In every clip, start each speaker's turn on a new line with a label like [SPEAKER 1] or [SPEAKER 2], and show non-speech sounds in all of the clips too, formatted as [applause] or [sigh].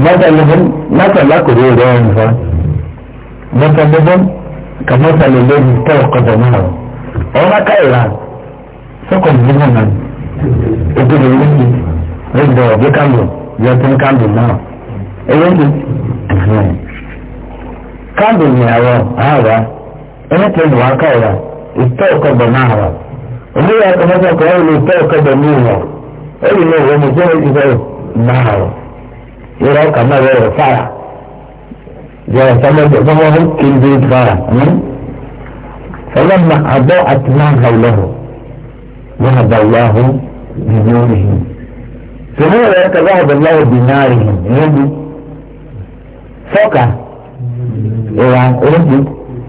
[SPEAKER 1] مثلهم مثل أكل يدعون مثلهم كمثل الذي استوقد نارا وما كايرا سكن زمنا يقول لي رجع بكامل يتم كامل نار أيوة كامل نار هذا أنا تين واقعا استوقد نارا وهي كمثل قول استوقد نارا أي نوع من جهة نارا ìrọ̀ ọkà máa yọ ọ̀rọ̀ fara yọ̀rọ̀ sọmọdé sọmọdé kéde fara sọlọ́mà àbọ̀ àti máa hà lọ́hùn máa hà lọ́hùn nínú rìn sọmọdé rẹ̀ kàdá àbọ̀ lọ́wọ́ bì náà rìn níbi sọ́kà ìwà oníbi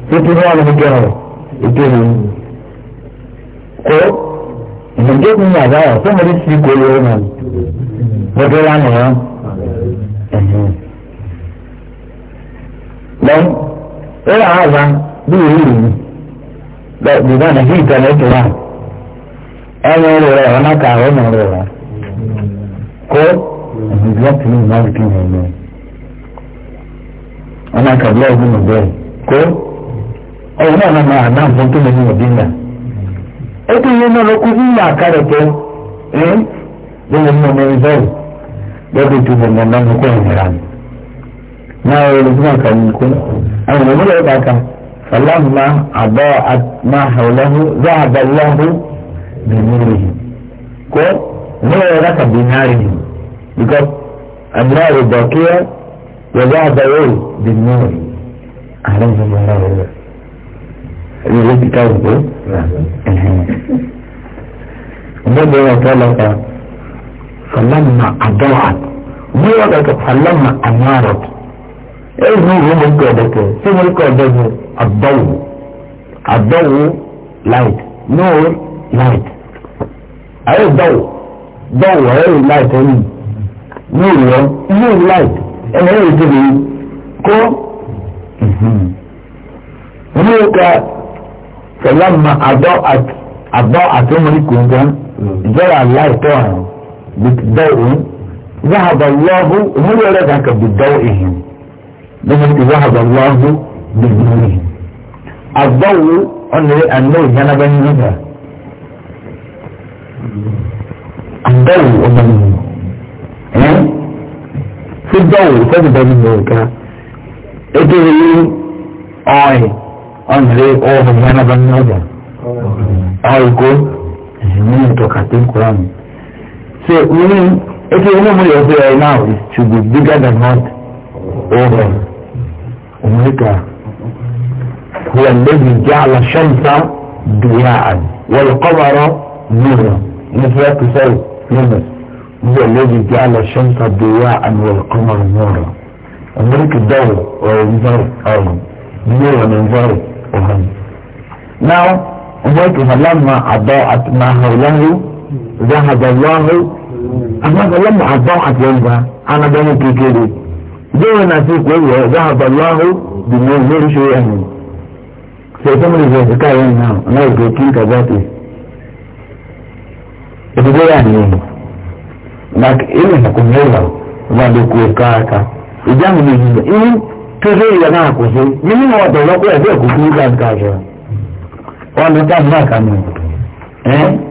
[SPEAKER 1] títí wọn ní gẹ̀rọ ìgbèrè kó ìdíje ní àbáyọ̀ sọmọdé sì kó lóore náà wọ́n tó lánàá. don ina haza biyu yiri ne da duba na hita na tura ẹni rẹ̀ ọ̀nà kàwé nà rẹ̀ wá kó ìdílọ́tì ní ìmọ̀lùkì nà ẹ̀mẹ́ ọ̀nà kàwé ọ̀gbìn nà bẹ́ẹ̀ kó ọ̀hún náà nà máa nà fún tóbi na ọ̀dín nà ó lọ́dọ̀ tó mọ̀ mọ̀ náà kó ìnira mi. náà wọ́n lè fún àkàrí nìkó àwọn ọmọ lọ́wọ́ bá ka fàlámà àbọ̀ àmàhàlọ́hù záàbàlọ́hù bìnnìrì kó níwọ̀n yẹn láka bìnnìrì yìí because àmìlá rẹ̀ bọ̀ kí ẹ yẹ záàbàlọ́hù bìnnìrì àrùn ìjọba ọ̀rọ̀ rẹ̀ ẹ̀yẹ́ ti ká òkú. ọ̀gbọ́n mi wà tọ́lọ́pàá. فلما أضاعت بيضك فلما أنارت إيه هو ملك يدك شو ملك الضوء الضوء لايت نور لايت أي ضوء ضوء أي لايت أي نور نور لايت أي تبي كو ملك فلما أضاءت أضاءت ملك يدك جرى اللايت طبعا بالضوء ذهب الله هو ذاك بضوئهم لمن ذهب الله بنورهم الضوء النور جنبا نبا الضوء أمامه في الضوء تجد بالنور أي أن انري اوه جنبا نبا اي قول من تكاتين قرآن So meaning, if you remember your prayer right now, it should be bigger than what over. America. هو الذي جعل الشمس ضياء والقمر نورا مثل تساوي يونس هو الذي جعل الشمس ضياء والقمر نورا أمريكا الدولة وينظر أرض نورا ينظر أهم Now, أمريكا فلما أضاءت ما حوله ذهب الله أما لما أضاع أتلمها أنا بني كيكيري دون أتيك ويا ذهب الله بنور شيئا سيتمر في ذكاء هنا أنا يقول كذاتي إذا يعني لك إيه نكون يلا وعندك وكاكا إذا من إيه تزوي لنا كوزي من هو دولة كوزي كوزي كان كاجا وأنا كان ما كان إيه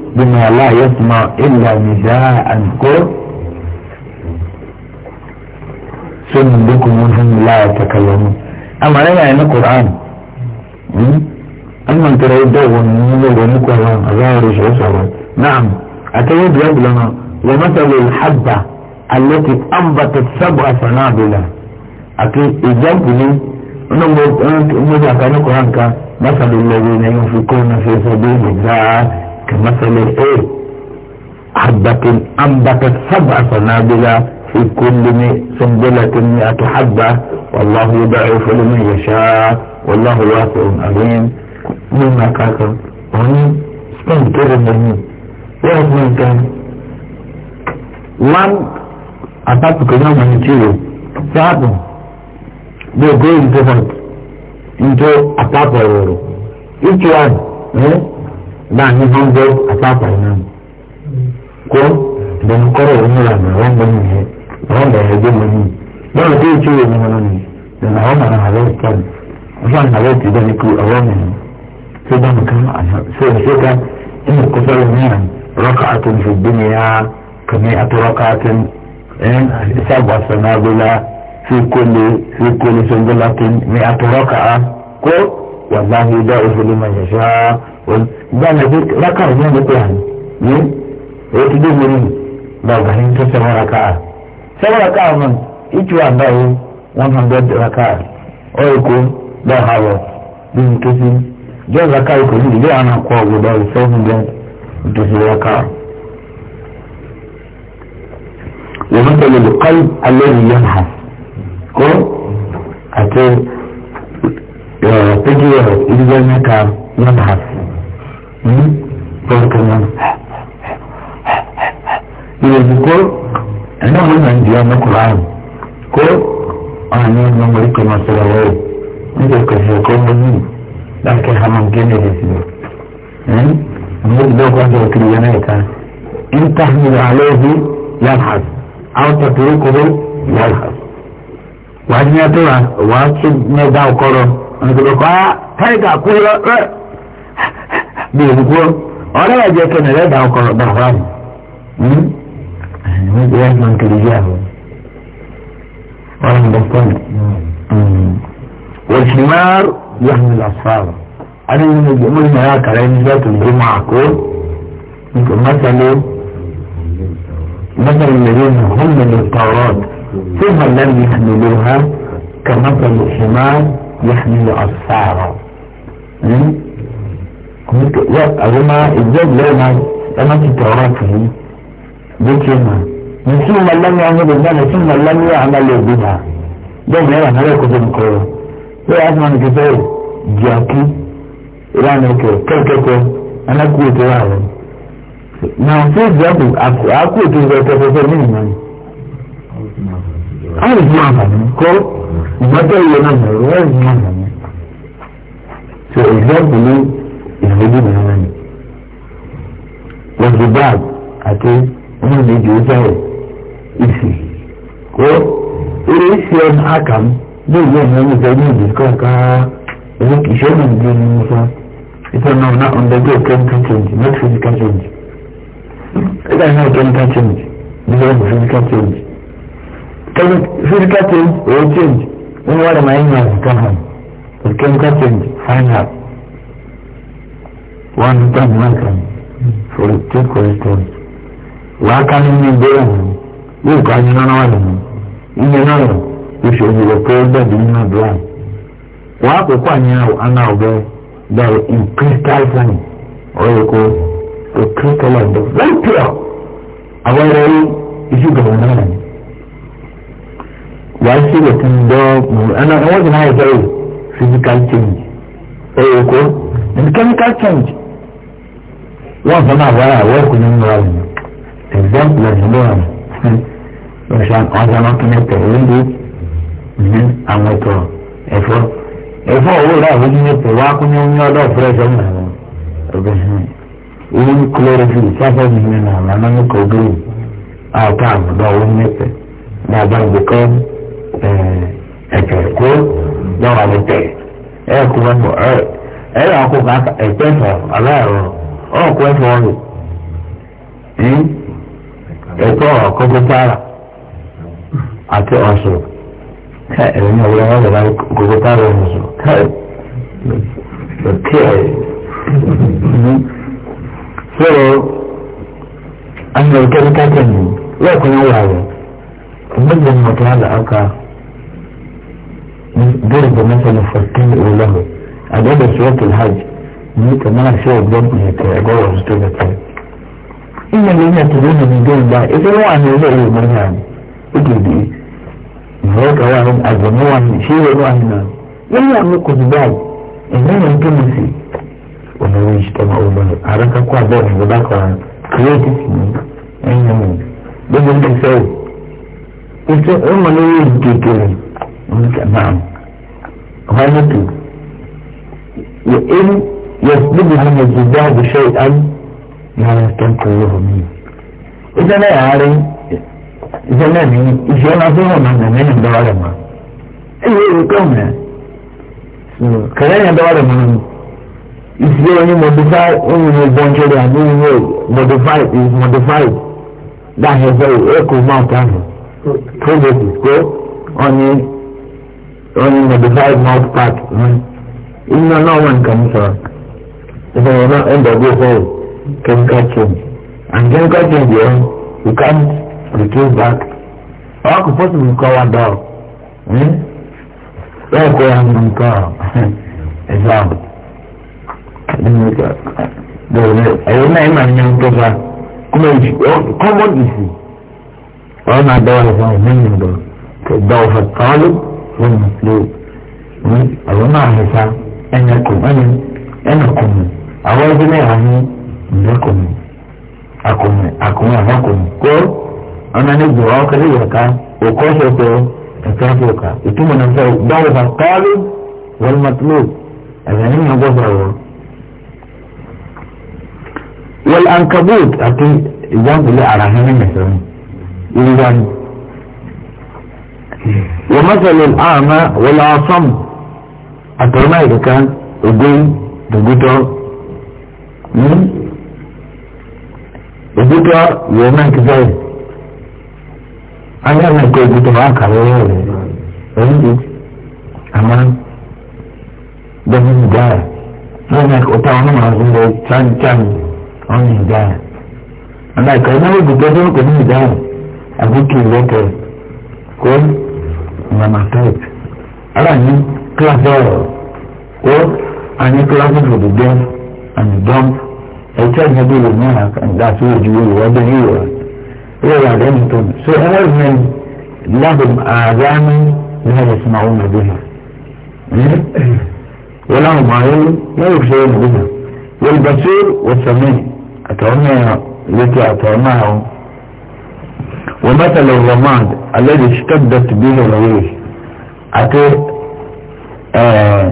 [SPEAKER 1] بما لا يسمع إلا نداء كر سندكم منهم لا يتكلمون أما لا يعني القرآن أما أنت لا يدون من ونك غير عشرة نعم يد لنا ومثل الحبة التي أنبتت سبع سنابل أكيد إجابة لي أنا مجاكا كان مثل الذين ينفقون في سبيل الله كمثل ايه حبة انبتت سبع سنابل في كل سنبلة مئة حبة والله يضعف لمن يشاء والله واسع عليم مما كاكا ومن من كده من يا سبين كان وان أتاك كده من تيرو فاتم they're going different into a proper role. Each one, láàrin gbọ́ngbọ́ àpapọ̀ náà kó lẹ́nu kọ́rọ̀ onílà náà wọ́n gbọ́n yẹn wọ́n bẹ̀rẹ̀ ẹgbẹ́ wọn yìí lọ́rọ̀ tó ìtú ìwé wọn ni lẹ́nu àwọn màá àlọ́ ìtọ́jú wọ́n fà àlọ́ ìtì dání kú ọwọ́ mi ni tó bá mi ká ṣe ṣe ká ẹnu kó sọ́rọ̀ mìíràn rọ́kà àtún fi gbé mi yá kàmí àti rọ́kà àtún ṣàgbà sọ̀nàgbélá fi kólé fi kólé sọ̀ngbélá tó ní àti rọ́kà á kó gbàgbé rákà ọ̀gbìn gbogbo àná yé èyí ti dé mọ́rí lọ́gà ní tó sẹ́wọ́n rákà á sẹ́wọ́n rákà á mọ̀ each one na yẹ 100 raka a á ọ̀ èkó lọ́ha lọ bí mi tó sí jẹ́ ya èkó yìí ilé àwọn akọ ọ̀gbọ̀dọ̀ seven ومثل القلب الذي يبحث كو أتي تجي bákan náà ìrètí kó ẹ̀dá wọn náà ń di ọmọ kùrán kó ọ̀hún ní ọmọ orí kọ́ máa sọ̀rọ̀ wọ́ọ̀ nígbà kẹsì ọkọ ọmọ yìí láti hàmà gẹ́nẹ̀ lè sí ọmọ ìlú ọgbà ọjọ́ kiri yẹn náà ká níta ní alẹ́ ọdún yàrá àwọn tàbí kọ́rọ́ yàrá wàá bí ìbùkú ọ̀rẹ́ wa jẹ́ kẹ́nà rẹ̀ dáhùn kọ̀rọ̀ bàbá mi wọ́n ti rẹ̀ máa ń kiri yá o wọ́n ń bọ̀ fún mi. wòṣìmáàr yà ń lọ sáàbà adé ní mo mo ní ara kàrẹ́ ní bẹ́ẹ̀ tó ń bí máa kó nípa mẹ́tẹ̀lẹ́ مثل الذين هم من التوراة ثم لم يحملوها كمثل الحمار يحمل أسفارا ya azuma ijab lema dama ci tawara ta yi yake ma mutum mallam ya yi da mutum mallam ya amala biha don ne yana da kudin koyo sai azuma ne ke sai jaki ran ke karkato ana ku ta yawo na sai jabu a ku ta zai ta fasar min nan an yi zuwa ko mata yi nan da ruwan zuwa nan so example ìyàwó gbìyànjú náà ni. lọ́sùn báàg àti wọn lè jò jáwé ìsì kó eré ìsì ọ̀nà àkàm ní ìlú ọ̀nà ìgbà ní ìdí kọ̀ọ̀ká owó kìí ṣe ọ̀nà ìdí ẹni mú fún ìtàn náà náà undergo chemical change not physical change. ẹgbẹ́ náà chemical change ní ọ̀nà physical change. physical change or change wọ́n wá lè máa ń yàn àkàkàn change final one time one time for a two question wàá ká nínú ìgbéra mi yóò ká nínú náà wà nínú ìyẹn náà oṣù òyìnbó pé ó bẹ̀rẹ̀ nínú àdúrà wàá kókó àyẹ̀wò àná ọ̀bẹ that in crystal sign ọ̀rọ̀ kó to crystallize the very pure àwọn ẹ̀rọ yìí iṣu gbọ̀ngàn náà nìyẹn wàá ṣe lè tún dọ́ ẹ̀nà wọ́n ti náà yẹ kẹ́rù physical change ọ̀rọ̀ kó and chemical change wọ́n sọ máa bọ́ra àwọn òkú nínú wa nìyẹn example ẹ̀ nílò àmì ọ̀ṣà ọ̀ṣà máa kí ní tẹ̀lé ní àwọn ètò ẹ̀fọ́ ẹ̀fọ́ owó rẹ̀ àwọn oníyẹn pẹ̀ wá kú ní oyún ọdọ̀ fúrẹ́ṣọ́ nà wọn obìnrin ìwé ní chlorophyll sáfẹ́ mi ní nà ọ̀nà ní kò gírì àwọ̀tá àbùdá owó ní pẹ̀ ní àbájúkọ́ ẹ̀kẹ́ kó lọ́wọ́ àlẹ́ tẹ̀ ẹ̀ kú wọn bọ̀ ẹ̀ ẹ̀ ọ̀kọ́ ẹ̀fọ́ rẹ̀ ẹ̀tọ́ ọ̀kọ́jọ́ tààrà àti ọ̀ṣọ́ ká ẹ̀rọ ní ọ̀wọ́lẹ́ wọn lọ́la kọ́jọ́ tààrà ọ̀ṣọ́ ká ẹ̀kẹ́ ẹ̀ sọ̀rọ̀ àwọn ọ̀kẹ́ ní káàkiri ní lọ́ọ̀kùnrin wà rẹ̀ ọ̀gbẹ́ni mọ̀tò àlàáka dórí bọ̀ mẹ́sàn-án fọ̀tún ìwọlọ́rọ̀ àgbẹ̀bẹ̀ sọ́ọ̀tù hajj make a man sure of them in the God was doing it. In the name of the woman in doing that, if anyone is a woman, it will be vote around as the no one, she will go and know. When you are looking back, and then you can see, when I reach them over, I don't know what about in creative things, and you know, they will be so. It's a woman who is getting, look at man, يسلب من الجباب شيئا ما يستنقذه منه إذا لا يعرف إذا لا إذا لا فهم أن من الدوالما إيه يقومنا كلام الدوالما is very modified only in bunch of them doing well modified is modified that has very echo mountain project is go only only modified mouth part mm. you know no one comes out Even you not end up with hole, chemical change. And chemical change, you, know, you can't return back. Or could possibly call one dog. Hmm? Where go and call? Example. Ẹ̀rọ náà ẹ̀ máa ń yan tó fa kọ́mọ́dìsì ọ̀nà àdáwọ̀ ẹ̀fọ́ ẹ̀mí ìdọ̀ kẹ̀dọ̀ fàtàlù fún ìpínlẹ̀ hmm? ẹ̀rọ náà ẹ̀fà ẹ̀yẹ kọ̀ọ̀mọ́ni ẹ̀nà kọ̀ọ̀mọ́ni. àwọn ẹbí mẹ́wàá ní ìlẹ́kùnrin akùnrin akùnrin àmọ́kùnrin kó ọ̀nà ní gbòòrò ọ̀kẹ́lẹ́ ìyọ̀ká òkú ọ̀ṣọ́ṣọ́ ẹ̀ka ìyọ̀ká ìtumọ̀ náà sọ báwo bá káálù wọ́n mọ̀tìlú ẹ̀rẹ̀ nínú ọgbọ́sọ̀ wọ́n. wọ́n ankabut àti ìjábùlẹ̀ ara hàn ní mẹ̀sán ìrírá ni. wọ́n mọ̀sálẹ̀ àmà wọ́n lọ́ọ́ sọ́mù àtọ̀rọ̀ náà ìkẹ́kẹ́ ògbóyìn dògútọ́ òbútọ́ wò ó mẹ́ǹkì bẹ́ẹ̀ ayé àwọn ẹ̀kọ́ òbútọ́ wà kàwé rẹ̀ ẹ̀yìn àmọ́ bẹ́ẹ̀ ní ìdáyà wọ́n ní ọ̀tá wọn náà ń lọ chánchánu wọ́n ní ìdáyà àmọ́ ẹ̀kọ́ ìnáwó òbútọ́ tó kò ní ìdáyà àbúkì ìlẹ́kẹ̀ kó mọ̀nàtẹ́ẹ̀tì aláàánú kílásì ọ̀rọ̀ and dump. I tell you, people وجه and that's what you will, what علمتم سؤال من لهم آذان لا يسمعون بها ولهم عين لا يبصرون بها والبصير والسميع أتعمى التي أتعماه ومثل الرماد الذي اشتدت به الريح أتي آه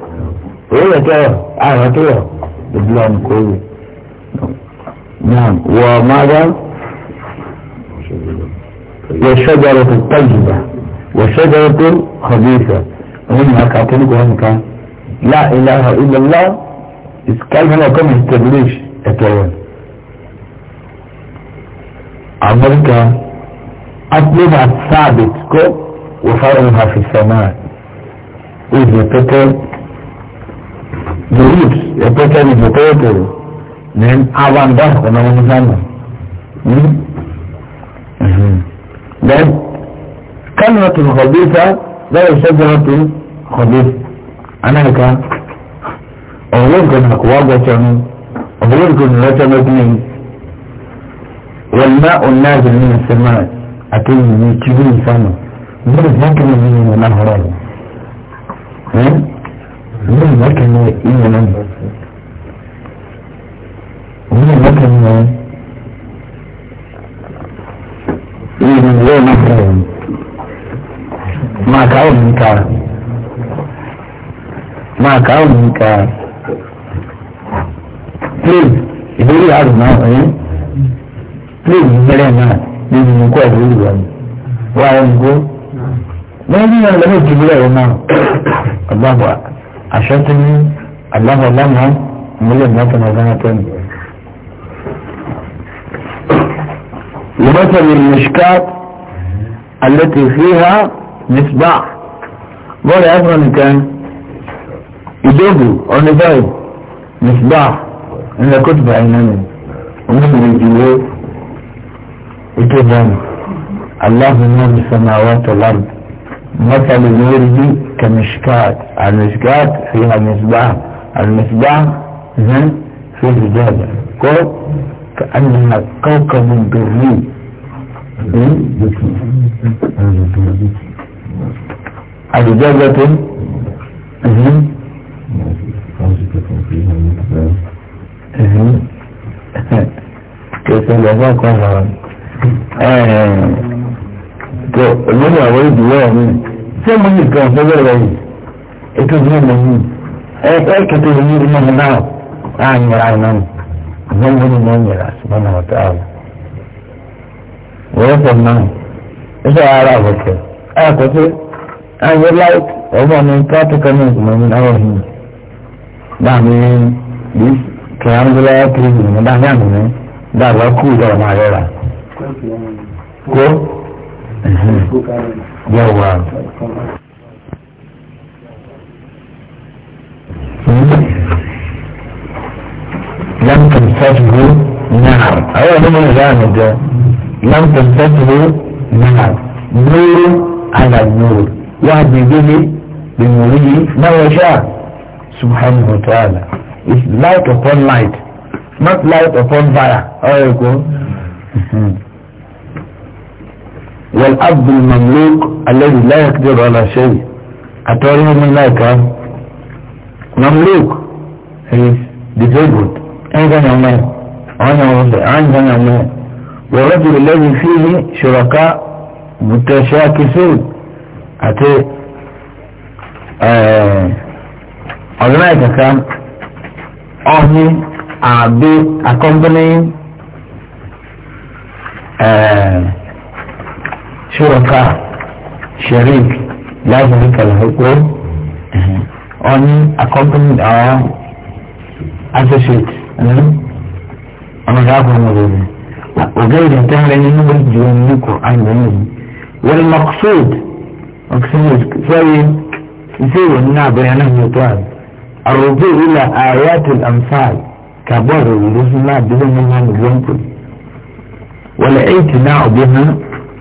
[SPEAKER 1] هي كده اه كده بدلان كل نعم وماذا وشجرة الطيبة وشجرة خبيثة هم كاتين كهم كان لا إله إلا الله كان هنا كم استبليش أتوان أمريكا أطلبها ثابت كو وفارنها في السماء وإذا تكون Berit, especially the people, then Avanda, the Namanasana. Hmm? Mm-hmm. Then, كلمة خبيثة لا شجرة خبيث أنا هكا أولوك أن أقواب وشان أولوك أن رشم اثنين والماء النازل من السماء أكيد من كبير سنة من ذكر من نهره ní ìmọ̀kànnì ìyẹn náà ní ìmọ̀kànnì náà ìyẹn náà ní ìmọ̀kànnì máa káwọn mi ká máa káwọn mi ká please ìdórí àrùn náà ẹ̀ please ìgbẹ́rẹ́ náà níbi nǹkọ́ ìdórí rẹ̀ wá ẹ̀ ń gbó wọ́n ní ìyẹn lọ́wọ́ ìdílé rẹ̀ náà ọgbà wà àṣẹ́tìní aláwọ̀láwọ̀ múlẹ̀ mọ́tàn ọ̀gánátẹ́n لمثل المشكات التي فيها مصباح بقول أفرا كان يدوبوا أونيفايد مصباح إن كتب عينانه ومثل الجلو يتبان الله من السماوات والأرض مثل نوره كمشكات المشكات فيها مصباح المصباح زين فيه زجاجة كوب كأنها كوكب بري الزجاجة زين كيف الوضع قرر ايه تو من ṣé mo ní nǹkan ọ̀sẹ̀ bẹ̀rẹ̀ yìí ètò ìdílé mo ní ẹ ẹ kẹtẹ ìdílé ìdílé mo náà á nyẹra ẹ náà àmọ́ mo ní mo nyẹra ṣùgbọ́n náà ọ̀tá ọ̀la. wọ́n fọ̀ náà iṣẹ́ ara àbọ̀kẹ́ ẹ kò sí ayé láì ọmọ mi practical news mo ní náà ọ̀hìn dàmí this triangular prism dàmí àmì mi dàgbà kú ìjọba máa yọra. kó yawa لم تمسكه نعم أول ما جاءنا ده لم تمسكه نعم نور على النور واحد يجيلي بنوره ما يشاء سبحانه وتعالى It's light upon light not light upon fire أو يكون والأب المملوك الذي لا يقدر على شيء أتوريه من لايكا مملوك هي disabled أين يومين عين يومين والرجل الذي فيه شركاء متشاكسين أتي أغنائك كان أهني أعبي accompanying شركاء شريك لا شريك له on accompanied or associate ọmọ ìyá àbúrò wọn lórí ọgá ìdè ntẹ́hìn rẹ nínú wọn jù wọn ní kò àyìnbó yìí wọ́n mọ̀kúsùd mọ̀kúsùd sọ́yì ìṣe ìwọ̀n náà bẹ̀rẹ̀ náà ní ọ̀tọ́ àrùn àrògbé ìlà àyàtò ànfààl kàbọ̀ rẹ̀ wọlé fún náà bí wọ́n mú wọn lọ́mpù wọ́n lè éèkì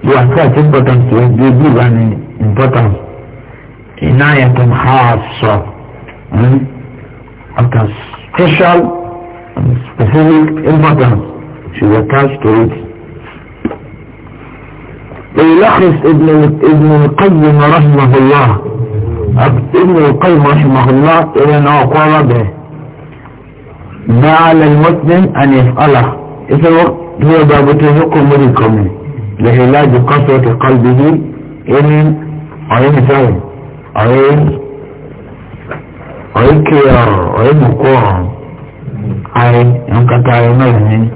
[SPEAKER 1] you attach importance to it, you give an importance. In ayatum Hassa. Hmm? Of the special and specific importance she she's attached to it. ويلخص ابن ابن القيم رحمه الله ابن القيم رحمه الله الى انه قال به ما على المسلم ان يفعله اذا هو باب تزكم منكم لعلاج قسوة قلبه إن عين سوي عين عين كيار عين مقوع عين ينقطع عينين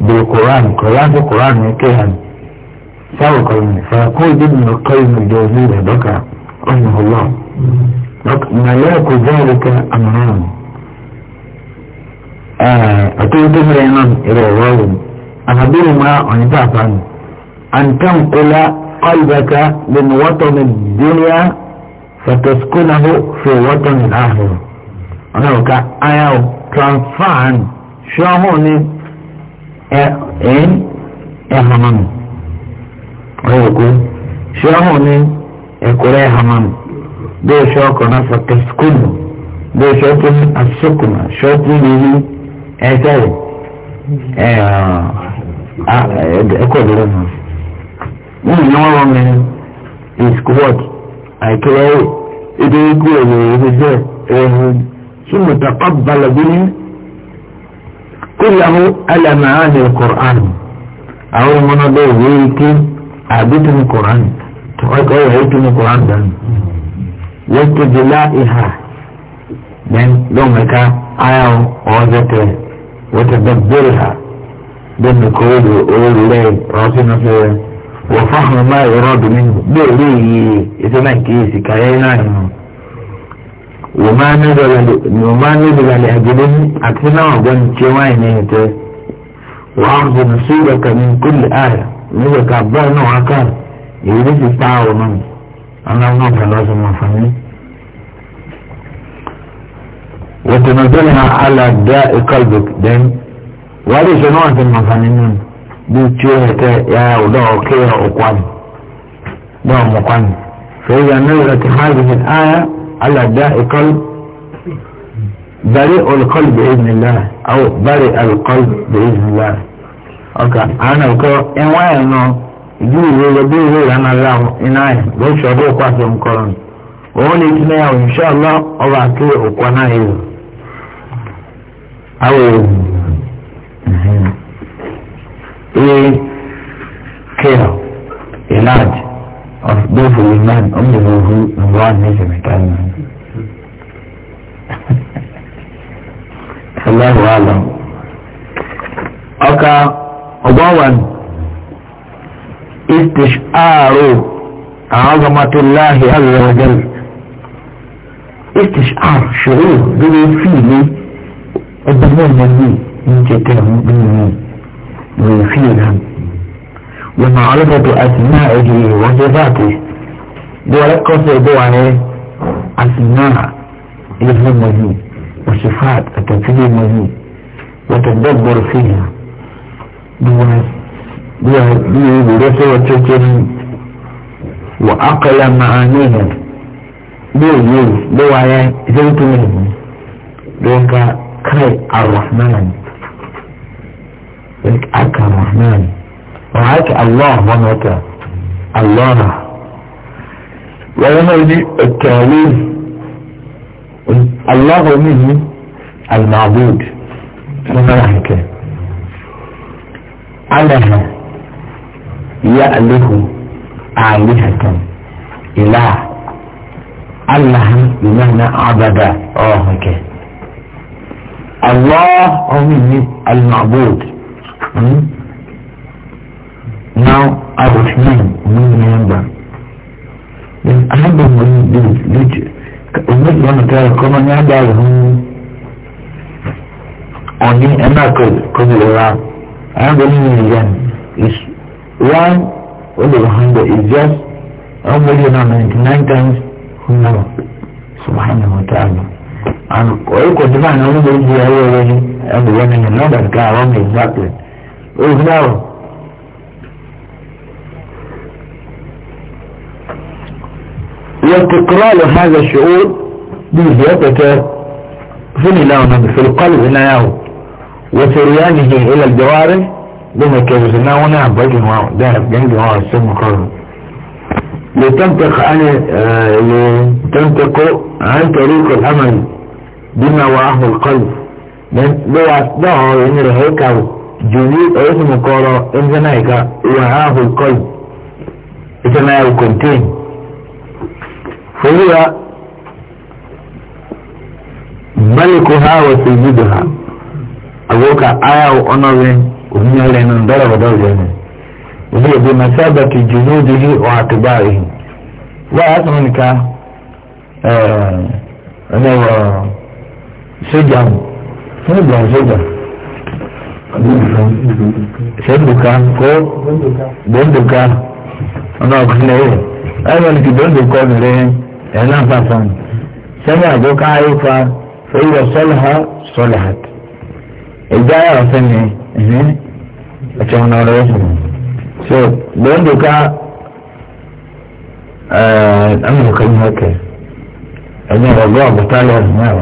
[SPEAKER 1] بالقرآن قرآن القرآن يكيهن سوى قلبه فيقول ابن القيم الجوزي بكى رحمه الله ملاك ذلك أمران أتوتم لنا إلى الرجل أنا بيرما أنت أفهم أن تنقل قلبك من وطن الدنيا فتسكنه في وطن الآخر أنا وكا أياو تنفعن شاموني إن إهمم ويقول شاموني يقول إهمم شو شوكنا فتسكنه دي شوكنا السكنة شوكنا إيه تاري إيه أه إيه أه أه yìí ni wọ́n rọ mi ìskúwọ́t àìkẹ́wọ́ èdè ikú ẹ̀yẹ ìfẹsẹ̀ ẹ̀hún sí mùtàkọ́ balabini kúlẹ̀hún alàmàánì kọ̀ọ̀án àwọn ọmọdé bẹ́ẹ̀ wíwí kí àbítún kọ̀ọ̀án tọ́kọ̀ ẹ̀yẹ tún kọ̀ọ̀án dání wọ́n tó di láìha bẹ́ẹ̀ lọ́mọ̀ká ayáwó ọ̀ọ́dẹ́tẹ̀ wọ́n ti bẹ́ẹ̀ bẹ́ẹ̀ ha bẹ́ẹ̀ mi kọ́ ọ́ وفهم ما يراد منه بولي إذن كيس كاينا وما نزل وما نزل لأجله أكثر من جوائن وأخذ نصيبك من كل آية نزلك أبدا نوع كان يريد التعاون أنا نوعا لازم أفهمني وتنزلها على داء قلبك دين وليس شنوعة من bí tí ó yẹ kẹ ya ọdọ ọkẹ ọkwan ní ọmọkwan fẹyà nílò ti ha yìí ayá alàdá ìkọl bari olùkọl bẹẹ nìlá àwọn bari alùkọl bẹẹ nìlá ọkà àwọn ọkọ ẹwọn ẹ nọ ìdí ìwé rẹ bí ìwé rẹ náà iná ọkọ àti òun ìtumẹ yà wọn ọlọ ọba àti ọkọ náà yẹ. a care a large of those who remain only those who one is a retirement. Allahu alam. Ọkà ọgbọ́wàn istishaaru azamatullahi azza wa jal. Istishaar ṣòro lórí fíìlì ẹgbẹ́ náà ní ní ìjẹta ẹ̀mú nínú yìí. ويخيلا ومعرفة أسمائه وصفاته دولة قصد عليه أسماء الاسم الموجود وصفات التنفيذ الموجود وتدبر فيها بورثة وتشتري وأقل معانيها بيو بيو دوايا زيت منه دونك كي الرحمن يقولك أكا الرحمن وعاك الله ومتى الله ويوم دي التعليم الله منه المعبود يحكى عليها يألف آلهة إله الله بمعنى عبد آه، الله هو المعبود Hmm? Now I was young, only remember. Then I had been doing this, which was going to tell come and hmm, I died home. Only and I could come around. I am going to again. It's one hundred. It's just one million and ninety-nine times hundred. Subhanahu wa ta'ala. And we could find only the way you are already and running another car on exactly. إغناهم وتقرار هذا الشعور بزيادته في الهلاون في القلب هناياه وسريانه إلى الجوارح لما كيفزناه نعم بجن واو دهب جنجي واو السم قرن لتنطق عن آه لتنطق عن طريق الأمل بما وعه القلب من دعوة دعوة إن رهيكه jòlí ọ̀yẹ́sì mú kọ́rọ̀ ẹnjẹ́ náà ìka ìwà ahù kọ́ì ẹjẹ́ náà ìwà kọ̀ntẹ́n fòlíwà bálíkù ha wà sí ìdídò ha àgbókà ayà ọ̀nọ́rin òmìnira ẹnu dọ́rọ̀ dọ́rọ̀ ẹnu ìdí ìdí masábàtì jòlí ìdíhì ọ̀ àtìgbà rẹ̀ wọ́n á sọ nìka ẹ̀ẹ́dẹ́wọ̀ sójà fún ìgbà sójà. sẹ́dùkà kó bọ́ndùkà ọ̀nà ọ̀kùnrin ẹ̀yẹ ẹ̀rọ ní ti bọ́ndùkà ọ̀nìrẹ́ ẹ̀ náà fàfọ́n sẹ́yìn àgbọ̀ká ayéfa fẹ́yìrọ̀ sọ́lá sọ́lá ẹ̀já yàrá sẹ́ni ẹ̀hìn ẹ̀jẹ̀ ọ̀nà ọ̀rọ̀ ẹ̀sìn so bọ́ndùkà ẹ̀ẹ́dàmùkà yìí ọ̀kẹ́ ẹ̀yìn ọ̀gọ́ ọ̀gọ́tà lọ́ọ̀rù náà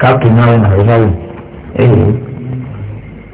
[SPEAKER 1] káàpì náà ọ̀nà ọ̀rọ̀ ẹ̀yìn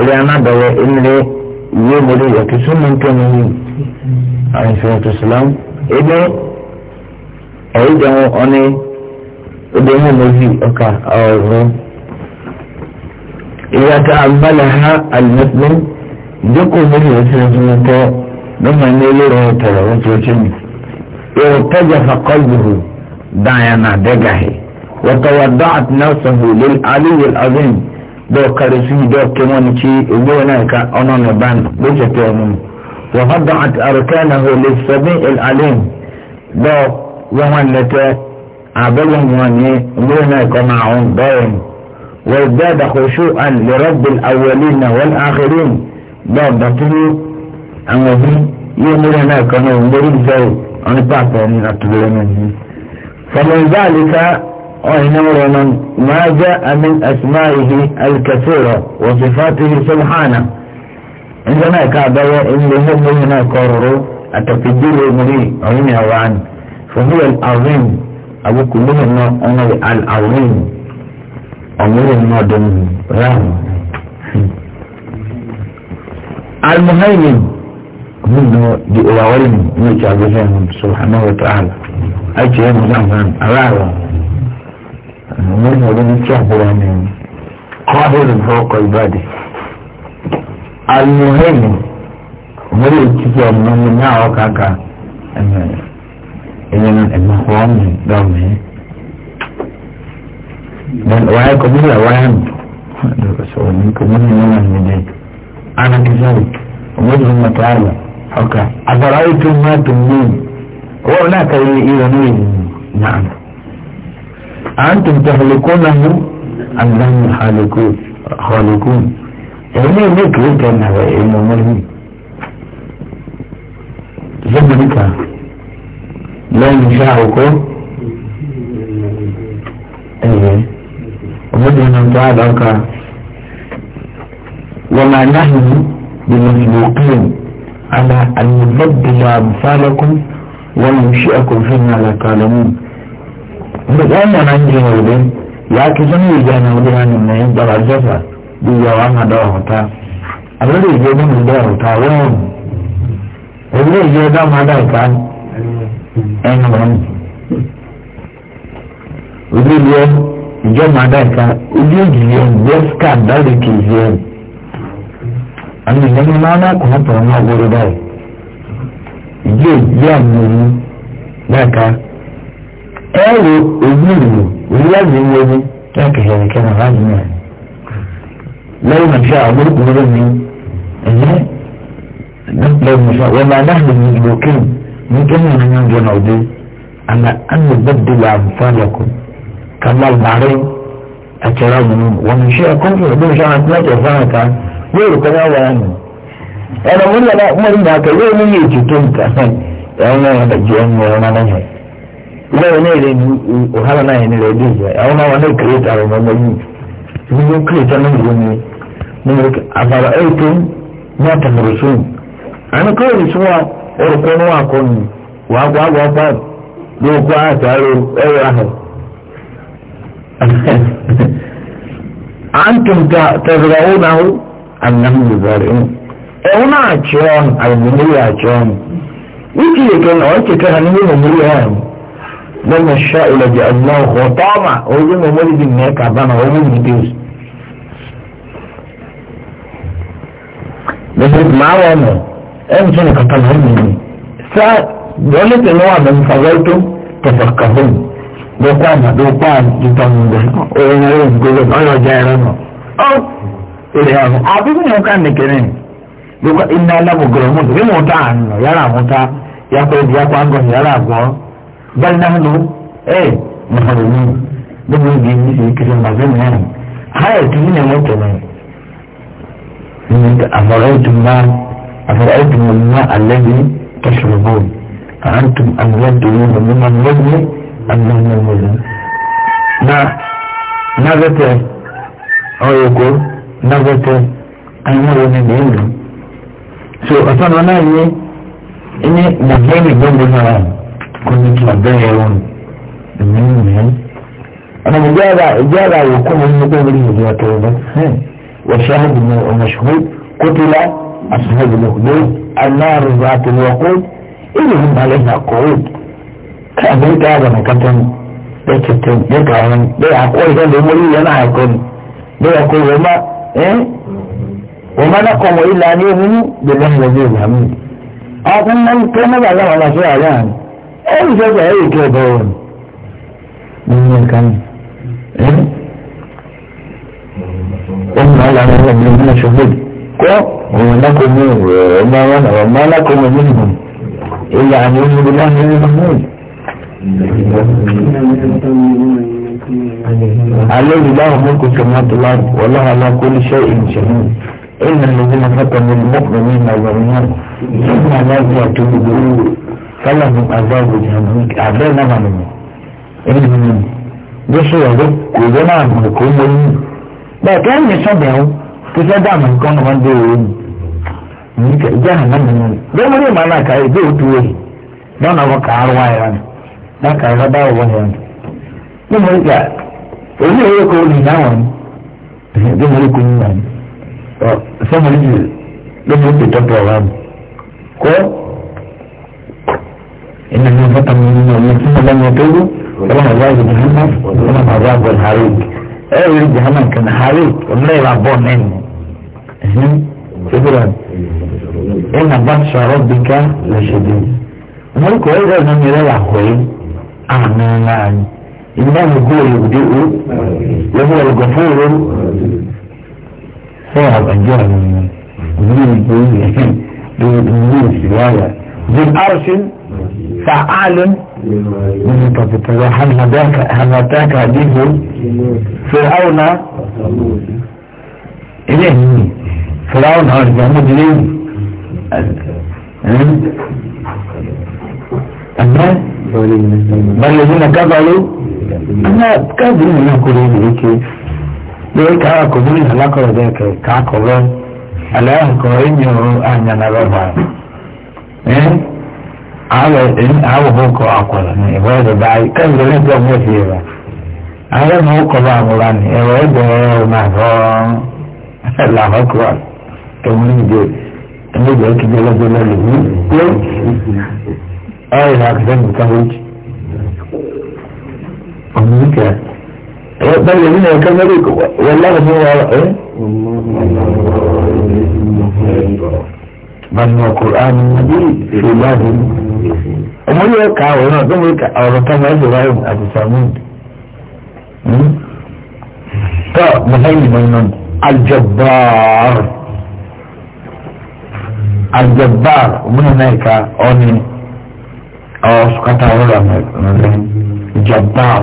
[SPEAKER 1] ilé anábẹ̀wẹ̀ ilé ìwé mọ̀lẹ́ yàtọ̀ súnmọ́ nkẹ́mi yìí àìsàn ètò ìsìlám ebi ẹ̀yí dẹ̀wọ̀n ọ̀nẹ́ ọdẹ mọ̀ mọ̀lẹ́ ọkà ọ̀rọ̀ ìyàtọ̀ àgbàlẹ̀ ha àlùmọ́tìmọ́ ìjókòó mọ̀lẹ́ yàtọ̀ ìsìlám tọ́ lọ́mọ ní ilé rẹ̀ tọ̀rọ̀ wọ́n ti ọ̀kyẹ́ mi ìrọ̀tẹ́jà fàkọ́lùbù dáyà nà dẹ́gàhì wọ́tọ̀wọ́dọ́ àtúnáṣàhù lẹ́l dɔw karisi dɔw kɛmɔni ci u b'o na ka ɔnɔ na ban bɛ jate o mun wa fa dɔn ati arkana ho le sabi el alim dɔw wɔn lɛtɛ a bɛ wɔn wɔn ye u b'o na ka ma ɔn dɔw wa dada khushu an li rabbil awwalin wal akhirin dɔw daturu an wa bi yi mu na ka na o mori zai an pa ta ni na tulo na ni fa min zalika وإنما من ما جاء من أسمائه الكثيرة وصفاته سبحانه عندما كعبا إن لهم هنا قرروا أتفجير المري أين وعن فهو العظيم أبو كلهم أنا العظيم أمور المدن رحمة المهيمن منه دي أولين نجعل سبحانه وتعالى أجل مزعما الله من ولم يتشهر من قادر فوق عباده المهم wọ́n lè kíkẹ́ ọmọ mi ní àwọn kàkà ẹ̀mẹ̀ ẹ̀mẹ̀ ọ̀hún mi dọ̀mí. wáyé kọ́mílà wáyé mi sọ̀rọ̀ ní kọ́mílà ní wọn mi dé anakisari ọmọdé mi mọ̀tò àlọ́ ọ̀kà àgbàrá ètò mọ́tò mi wọ́n náà kàwé أنتم تهلكونه أم نحن خالقون خالقون يعني لك كان هو علم مرمي زمنك لا يشاءكم ايه ومدهنا تعالى وما نحن بمسلوقين على أن نبدل أمثالكم وننشئكم فيما لا تعلمون wannan nan ji ne wuri ya ki san yi ga na wuri nan ne e da ba jasa bi ya wa na da hota Allah da ya mun da hota wannan wuri ya da ma da ka en wannan wuri ya ìjọ máa dá ìka ojú òjì yẹn west card dáre kì í yẹn àmì ìyẹn máa ń kọ́ ọ̀pọ̀ ọmọ ọgbọ́dọ̀ báyìí ìjọ òjì yẹn mú un dáka ẹ̀rọ ojúlùmí ìyáàgbé wọlé kẹ́kẹ́ ẹ̀kẹ́ náà láti náà lẹ́yìn àti àgbórúkú lọ́dọ̀ mi ẹ̀yẹ́ lẹ́yìn ìfà wọ́n máa dáhùn ní ìlú òkè ní kí ní ìrìn àjọ náà dé àná àná bẹ́ẹ̀dẹ̀ wà fún àkọ́ kàmá bàárẹ̀ àtẹ̀rẹ́ àgbọ̀nù wọ́n mi ṣe àkọ́ńtò ọ̀dọ́ ìṣe àwọn àtúntò fún àkà wọ́n èrò kan wà ní ẹ̀rọ mọ́ni náà mọ́ni náà kẹ́ wọ́n mú ní ètò tó nǹkan ẹ̀rọ náà yẹn lẹ́yìn náà ilẹ̀ ọ̀hánà náà yẹn lẹ́yìn lẹ́yìn yẹn àwọn àwọn náà kìrìtì àwọn ọmọ ọmọ yìí ní wọ́n kìrìtì náà wọ́n mi ní wọ́n àfàrà ẹ̀yìnkì náà tẹ̀mọ̀rọ̀ sùn àní kọ́ ìrìn sùn wa ọ̀rùkọ́ ní wàá kọ́ ni wàá gbọ́ àgbọ̀ ọ̀pá ló kọ́ àtàrò ẹ̀yọ ahọ̀. àǹtùm tẹ̀síra ó náà ó ànàmù ìbàrẹ̀ ẹ̀hún náà àkyerẹ́ ọ̀nù àyẹ̀mọ̀ lọ́nà ṣọ́ ìlẹ̀jẹ̀ ọ̀gbọ́n ọ̀hún tọ́ọ̀mà orí mi mo níbi mẹ́ kàbámà owó mi dé o. Bẹ̀sẹ̀ màá wọ̀ nù ẹ̀ ń tún nìkan kan lọ́wọ́ mi. Sá wọlé tí wọ́n wà lọ́nà fàwọ́ tó tẹ̀sọ̀ kàwé mi. Dọ́kọ̀ àná dọ́kọ̀ àná ìtàn ìgbẹ́ orin ẹ̀rọ ìgbẹ́rẹ́ ọ̀yọ̀ ọjà ẹ̀rọ nù. Ó èrè ọ̀run àbúrò yẹn bal nahnu eh mahrumun gbogbo ibi ní ìlú kìlọ̀ màgbé mìíràn ayé tó ní ẹ̀wọ̀n tó náà ní àfọ̀rọ̀ ìtumá àfọ̀rọ̀ ìtumá mímá àlẹ́bí tẹ̀sùrùbù àǹtum àmìlẹ́dùnú mímá lẹ́gbẹ́ àmìlẹ́mọ̀lẹ́. na nagete ọ̀yọ̀kọ nagete anyáwó ni bẹ́ẹ̀ lọ. so ọ̀sán náà yẹ ẹni gbogbo ẹni gbogbo náà kóníkì ọ̀bẹ́rẹ̀ ẹ̀rọ̀n mìíràn ọ̀nà ìjára àwòkọ́ mi ní gbẹ́gbẹ́ ní ìlú ọ̀tọ̀ ọ̀dọ́ wọ̀ṣẹ́ àbùnú ọ̀mọ̀ṣùwò kótóla àṣùwọ̀n ìlú aláàrùn àtẹnuwọ̀kọ́ ìlú ìbàlẹ̀ ìdàkọ̀wé káàbẹ̀ káàbà nàkàtàn bẹ́ẹ̀ tètè bẹ́ẹ̀ kàwọn bẹ́ẹ̀ àkọ́ ìdánilẹ́ mọ́lẹ́ ìyẹn náà àkọ́ ni bẹ́ẹ̀ àkọ́ ìwọ́n má ẹ́ wọ́n máa kọ́ ọmọ bẹ́ẹ̀ lọ́wọ́ bẹ́ẹ̀ làmú ẹ̀rù sọ́kọ̀ ẹ̀rù kẹ́ ọ̀bọ̀ wọn ní ní ẹ̀ka ni ọmọ aláwọ̀ ọmọ mi ní ṣọ́gbẹ́ kọ́ ọmọ aláko mi rẹ̀ ọmọ àwọn ọmọ aláko mi ní ìgbọ̀n ìyá ni ó ń bí láwọn ẹni máa mú عليه له ملك السماوات والارض والله على كل شيء شهيد ان الذين فتنوا المؤمنين والمؤمنات ثم لا ياتون بروح kala mu azabu jahannam abe na ma mu ɛni mu ni bó so wà bó kò bó náà mú kó mú ní bẹ́ẹ̀ kẹ́rin mi sọ bẹ́ẹ̀ o kí sẹ́ dá mi nǹkan náà dé o ní kẹ́ jahannam mu ni bẹ́ẹ̀ mo ní ìmọ̀ náà kàyé bẹ́ẹ̀ o tu wẹ̀ náà náà wọ́n kà á wá yẹn ni náà kà á yẹn bá wọ́n yẹn ni mo ní kà èyí ò yẹ kó ní náà wọ̀ ni bí mo ní kó ní náà ni ọ sọ́mọ́lì jù ló mú ìpè tọ́pọ̀ wá mi إن من فتى من الذين لم يتوبوا ولهم عذاب جهنم ولهم عذاب الحريق أي جهنم كان حريق ولا يلعبون منه فكرة إن بطش ربك لشديد ملك وإذا لم يرى أخوين أعمل معي إنه هو يبدئ وهو الغفور صعب أن جاء من الجيل الجيل بالعرش فعال هل هداك هل هداك هديه فرعون إليه فرعون هرجع مدرين أما بل الذين كفروا أما كفروا من إيكي إليك لأي كاكا كبير هلاك وذاك كاكا وذاك ألا أهكو إنه أهنا نرى بعض awa in awa boko akwara ne ba da bai kan da ne ga mu ce ba awa mu ko ba mu ran ne ba da yau na ho la ho ko to mun je ne ga ki da da ne ko ai na ka san ka wuce amma ka eh ba ne ne kan ne ko wallahi mu wa eh بل هو قرآن مجيد في لازم ọmọ yóò ka ọ̀rọ̀ náà tó mú ká ọ̀rọ̀ ká máa ń lòwá ẹ̀wọ̀n àti samud hmm? tó mọ̀lẹ́yìn mọ̀nà aljabar aljabar ọmọnà náà ká ọ̀ni ọ̀sùkátà ọ̀rọ̀ àmọ̀lẹ́ jabar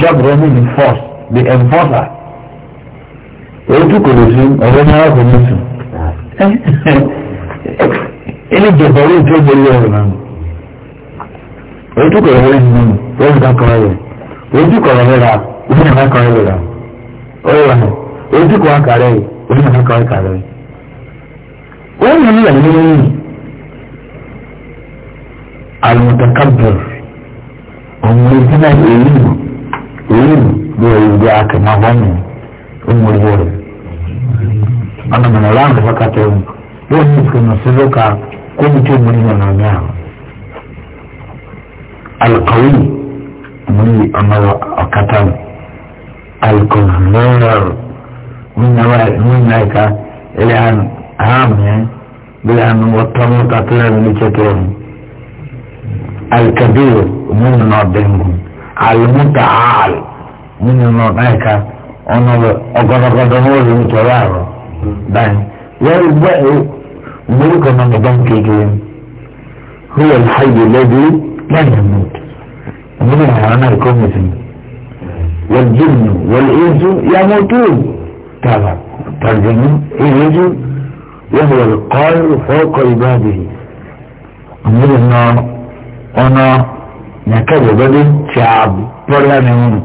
[SPEAKER 1] jabar ọ̀ni ni force the enforcer èyí tó kò lè fi ọ̀rọ̀ náà kò ní sùn. [laughs] ẹni dẹ̀bọ̀ wọ́n tó borí ọ̀rọ̀ náà ojú kọ̀ọ̀rọ̀ wọ́n nù wọ́n nǹkan kan rẹ̀ ojú kọ̀ọ̀rọ̀ rẹ̀ rà wọ́n nǹkan kan rẹ̀ rà ọ̀rọ̀ rà ojú kọ̀ọ̀rọ̀ kàrẹ̀ wọ́n nǹkan kan rẹ̀ kàrẹ̀ wọ́n nù ní ẹ̀mí yìí àlùmọ̀tàkàbọ̀ ọmọ ojú náà èyí nù èyí nù bí ọ̀rọ̀ ìgbé akẹ́mọ̀ wọn nù ọmọ ojú rẹ̀ ọ̀nà mọ̀nà láǹkà fọ́kàtà ọ̀hún yóò ní ìfúnnà sílẹ̀ káà kóńtó múni wọn àmì àwọn alkawi múni ọmọlá ọkàtà alkọlọrọ múni náà ká ilé àná àmì bíi àná wọ́tọ́ mú kàtúrà ní kẹtẹ́ mu alkabi múni náà bẹ́ngu alimuta al múni náà ká ọ̀nà ọgọ́dọ̀gọ́dọ̀ wọ́n rí nítorí báyìí wọ́n gbẹ́ ملك من نجم كيجين هو الحي الذي لن يموت من الحيوان الكوميسي والجن والإنس يموتون تابع ترجمة إنس وهو القائل فوق عباده من النار أنا نكذب شعب برهانهم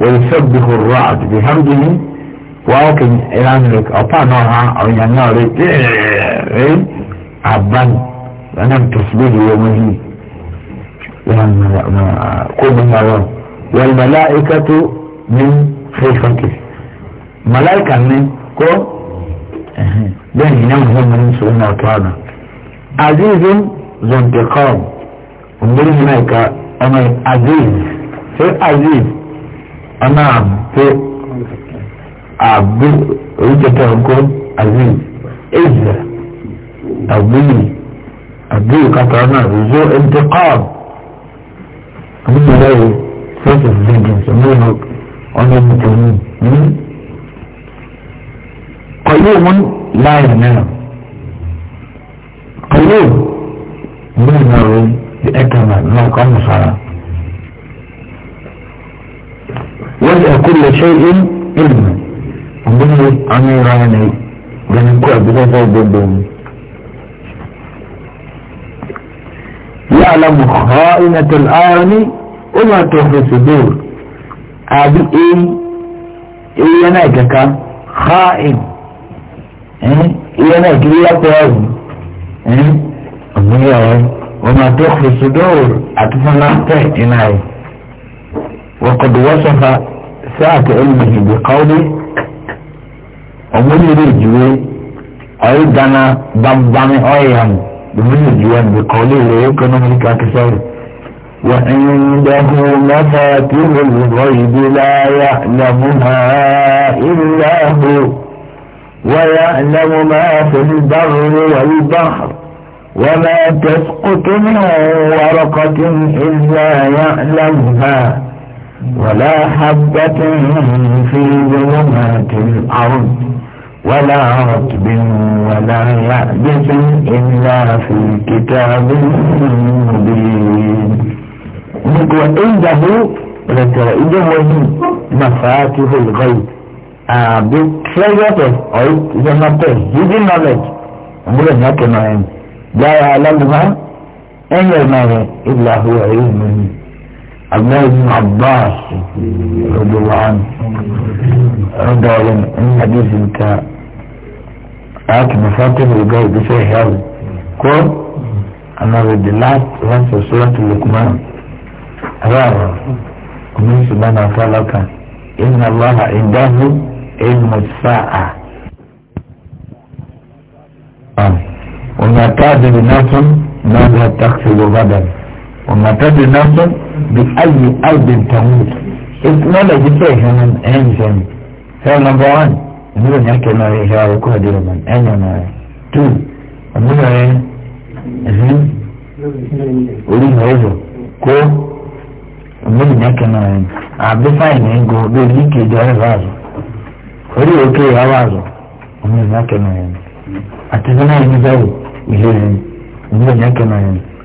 [SPEAKER 1] ويسبح الرعد بحمده ولكن الآن لك أطعناها أو ينار eh aban anan tasbihi wa muhi ko mun yawo wal malaikatu min khifati malaika ne ko eh, dan ina muhammadin sallallahu alaihi wasallam azizun zantiqam umuri malaika ana aziz sai aziz ana ko abu rujata ko aziz izza تضليل الضيق قطع نار وذو انتقام من الله سيف الزنجن سمونه عن المتومين قيوم لا ينام قيوم من نار بأكمل ما قام صلاة وسع كل شيء علما ومن عميراني لأن كل بلاد بلاد ya'lamu kha'inatal a'yuni wa ma tukhfi sudur abi in yana kaka kha'in eh yana kiriya kwaru eh amma yawa wa ma tukhfi sudur atufana ta ina yi وقد وصف ساعة علمه بقوله أمني رجوي أيضا بمضم أيهم بمن الجوان بقوله لا يمكن ملك أكثر وعنده مفاتيح الغيب لا يعلمها إلا هو ويعلم ما في البر والبحر وما تسقط من ورقة إلا يعلمها ولا حبة في ظلمات الأرض ولا رتب ولا يعجز إلا في كتاب مبين وعنده لترئيه مفاتيح الغيب àbí treasure of oil is a matter hidden knowledge àbúrò ní ọkẹ náà ẹ jára alágbèbá ẹ yẹ ẹ náà rẹ ìlà àwọn ẹyẹ mọ ni. عبد الله بن عباس رضي الله عنه رد علم ان حديث انت اك مفاتن وقال بشيء حلو كون انا رضي الله وانسى سورة اللقمان رابع ومن سبحانه وتعالى ان الله عنده علم الساعة آه. وما تعدل نفس ماذا تغسل غدا وما تدري نفس بأي أرض تموت إتنال جفاء من أنزم هذا نمبر 1 نقول نحكي ما يشعر كهدي من أنا ما 2 ونقول إيه إذن ولين هذا كو ونقول نحكي ما عبد فاين ينقو بيلي كي جاري غازو ولي أوكي غازو ونقول نحكي ما أتمنى أن يزاو إليه ونقول نحكي ما ينقو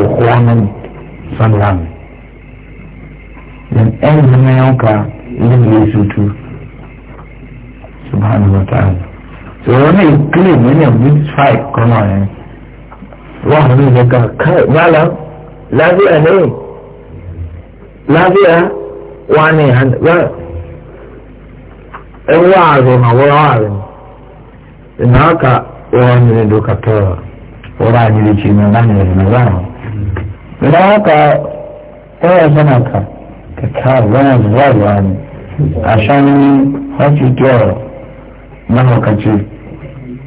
[SPEAKER 1] ukhuwanan sanlam dan en zama yanka yin da su tu subhanahu wa ta'ala so wani claim wani eh? of these five ah, kuma ne wa ne daga kai malam lafiya ne lafiya wani hannu ɗan wa'azo na wa'azo ina haka wani ne doka ta wura ne da ce na ranar da na zama da haka tsaya sana ka ka kare wani zuwa ne a shani hospital na hukaci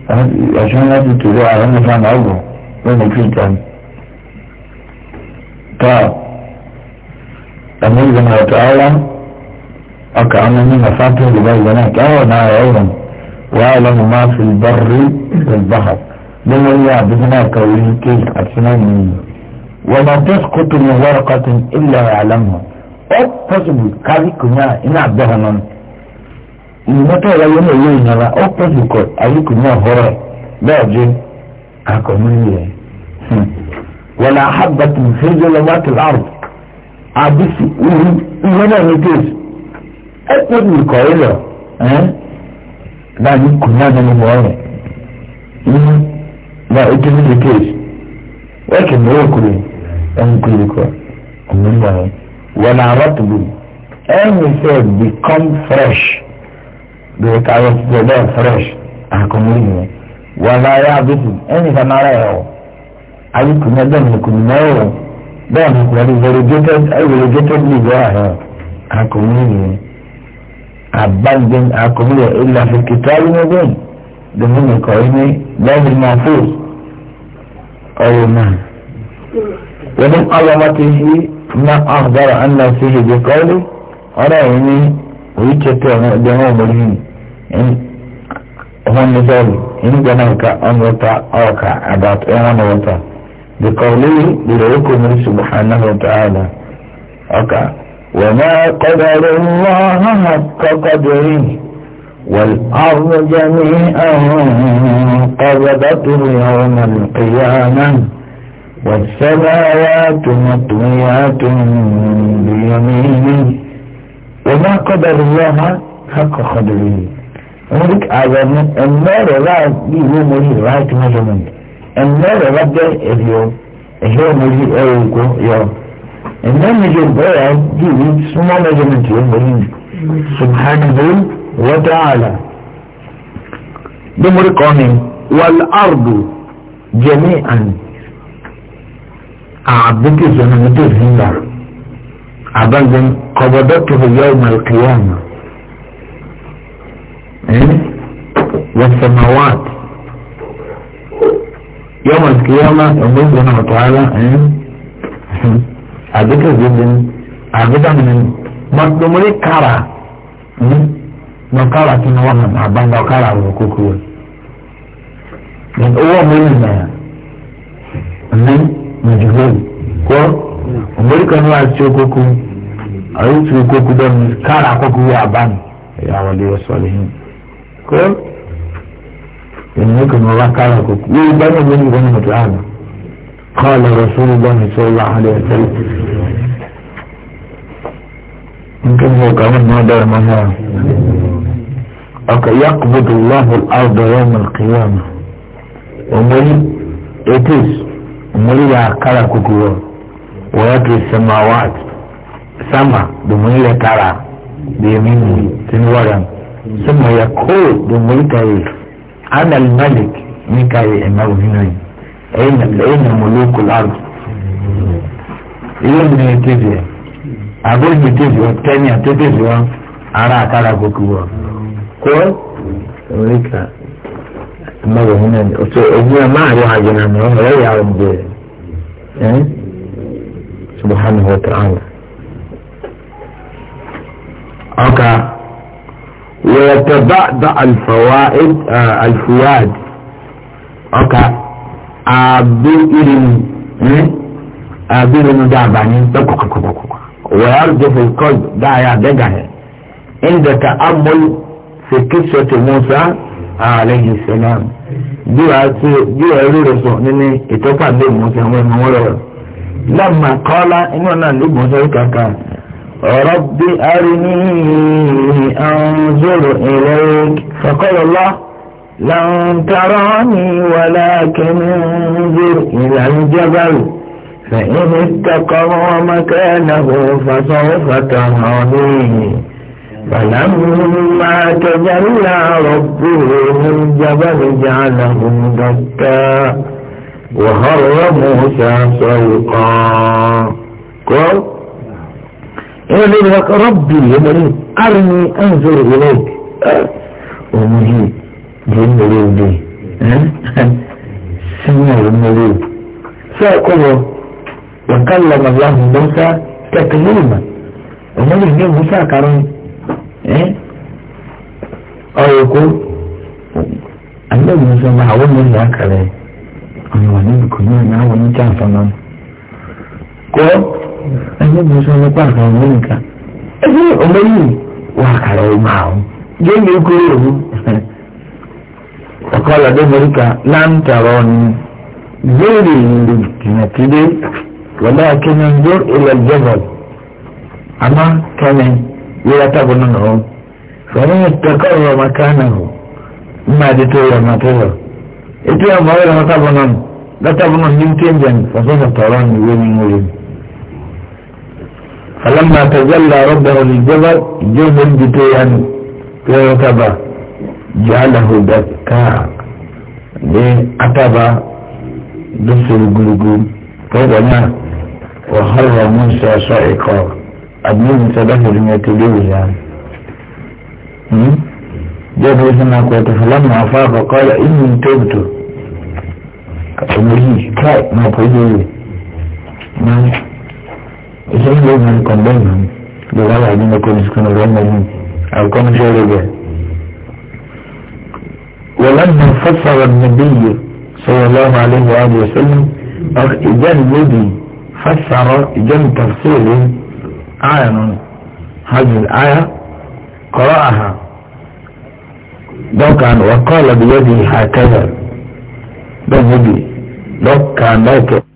[SPEAKER 1] a shani hospital a wani sana abu wani kristian ta annabi zama da ta'ala aka amince na fatan da bai zama ta'ala na yawon wa'alamu ma fil barri wal bahar don wani ya abu suna kawai ke a tsunami ولا تسقط من ورقة إلا يعلمها all possible kari kunya ina abdaha non ìmọ̀tọ́ ẹ̀rọ yẹn lè all possible kọ ayé kunya họrọ bẹ́ẹ̀ ju akọ̀mọ́ yẹn wọlé ahabatu fẹ́jọ́ lọ́wọ́ àti láàrú àbísí ìlú ìwé náà all possible kọ ẹ lọ náà kunya na ní mọ́ ọ̀rẹ́ ìlú ẹnkúrikọ ọmọnìyàn yẹn wọn àrọtùbù ẹnì sẹ become fresh bẹẹ káyọ sísẹ bẹẹ fresh àkọmọlì yẹn wọn àyà àbẹtù ẹnì sẹ nara ẹ ọ àbẹtù náà bẹẹ nìkùnú náà ọ bẹẹ nìkùnú ẹni relegated relegated league ọ àyà àkọmọlì yẹn abandon àkọmọlì yẹn ìlànà kìtàlù ní bẹẹ dèmí nìkọ ẹni lẹ́yìn náà fún ọ̀rọ̀ náà. ومن عظمته ما أخبر أن فيه بقوله أرى إني ويتشتع دمام الهين إن هو مثال إن جناك أمرتا أوكا أبات إيمان وطا بقوله لريكم سبحانه وتعالى أوكا وما قدر الله حق قدره والأرض جميعا قبضته يوم القيامة والسماوات مطويات بيمينه وما قدر الله حق قدره ولك أعظم النار رأت دي هو مريد رأت مجمون النار رأت دي اليوم هو مريد أيوكو يوم النار مجمون رأت دي سمو مجمون يوم مريد سبحانه وتعالى دي مريد والأرض جميعا أعبدك هنا، الهنجر أبدا قبضته يوم القيامة إيه؟ والسماوات يوم القيامة الله سبحانه وتعالى أعبدك جدا أعبدا من مطلوبي كارا نقارة نوهم أبدا كارا وكوكوه لأن هو من الناس majhul ko bari kan wa ce koko a yi don kara koko ya ban ya wali wa salihin ko yanzu kan wa kara koko yi ban da mun gani mutu ana قال رسول الله صلى الله عليه وسلم يمكن هو كمان ما دار منها يقبض الله الأرض it is murya kara kukuwa wa yadda samawat sama domin ya tara da ya mini tun waran sama ya ko domin ka yi anal malik ni ka yi ina wujinoyi ainihin mulukul arzu ilé mi tẹ̀sí agbóyè tẹ̀sí wọn tẹ́ni àtẹ́tẹ̀sí wọn ara àkàrà kókó wọn. kó oríkà mọ̀wé nínú ọ̀tún ẹ̀gbọ́n máa yọ àjẹnà mọ́ ọ̀rẹ́ ìyá ọ̀gbẹ́. Eh? subhanahu wa ta'ala ọkà wẹ̀tẹ̀bàdà eh, alfuwad ọkà àbírin eh? àbírin dàbà ní pẹ́kọ̀kọ̀kọ̀kọ̀ wẹ̀yàrùjẹ́ fòkọ́d dáa yà dẹ́gà ẹ̀ ń dẹ̀ka amúl fi kí musa aleyhi salam bí wàá ṣe bí wàá rí rẹ sọ nínú ìtọ́pàdé ìmọ̀ọ́sẹ̀ àwọn ẹ̀mọ́ wọn rẹ̀ lẹ́mà kọ́lá inú náà ló gbọ́n sọ́rí kàkà ọ̀rọ̀ bí arìnrìn àwọn zòrò ìrẹ́ fọkọ́lọ́lá làǹtarọ́ ni wàlá kẹ́mi ń zòrò ìlànà jábàrù fẹ̀yìn ní tọkọ́ wọn mọ́kẹ́ náà fọ́sọ́wọ́fọ́tọ̀ àwọn ọdún yìí. فلما تجلى ربه للجبل جعله دكا وهر موسى سوقا قل يقول لك ربي يقول أرني أنظر إليك ومجي جن ليودي سمع الملوك فأقول وكلم الله موسى تكليما ومجي موسى كريم ọ̀rọ̀ kó àlẹ́bùn sọ ma àwọn ọmọ ìyá kàlẹ̀ ọ̀nà wà níbi kò ní ọ̀nà àwọn oníjà àfọ̀nà kó àlẹ́bùn sọ ma pàṣẹ ọmọ nìka ẹbí ọmọ yìí wà kàlẹ̀ ọmọ àwọn yóò ní kúrò òun ọkọ ọlọdẹ mọríkà láǹtàrọ ni zéèrè ìlú tìǹtìdé wọlé akínyanjó ilẹ̀ jẹ́bọ̀l àmọ́ kẹ́mi. ويتبنهم فمن استقر مكانه ما دتويا ما تيا اتيا ما ولا تبنن لا تبنن يمكن جن فسوف تران وين مولين فلما تجلى ربه للجبل جبل دتويا ويتبع جعله دكا لأتبع دسر قلقل فوقنا وخر موسى صعقا abin sadahir ne ta يعني جاء jabir suna kwata halamma a fafa kala inin tabbato ka tsumuri kai na fayyoyi na isan yau na kwandon nan da wala abin da kuma suka nuna wannan yin ولما فسر النبي صلى الله عليه وآله وسلم إذا النبي فسر جم تفسيره aya nù hajj aya kọrọ aha dọkan wakọọlọ bi yẹ di ha kẹfẹ dọwọbi dọkan dọkẹ.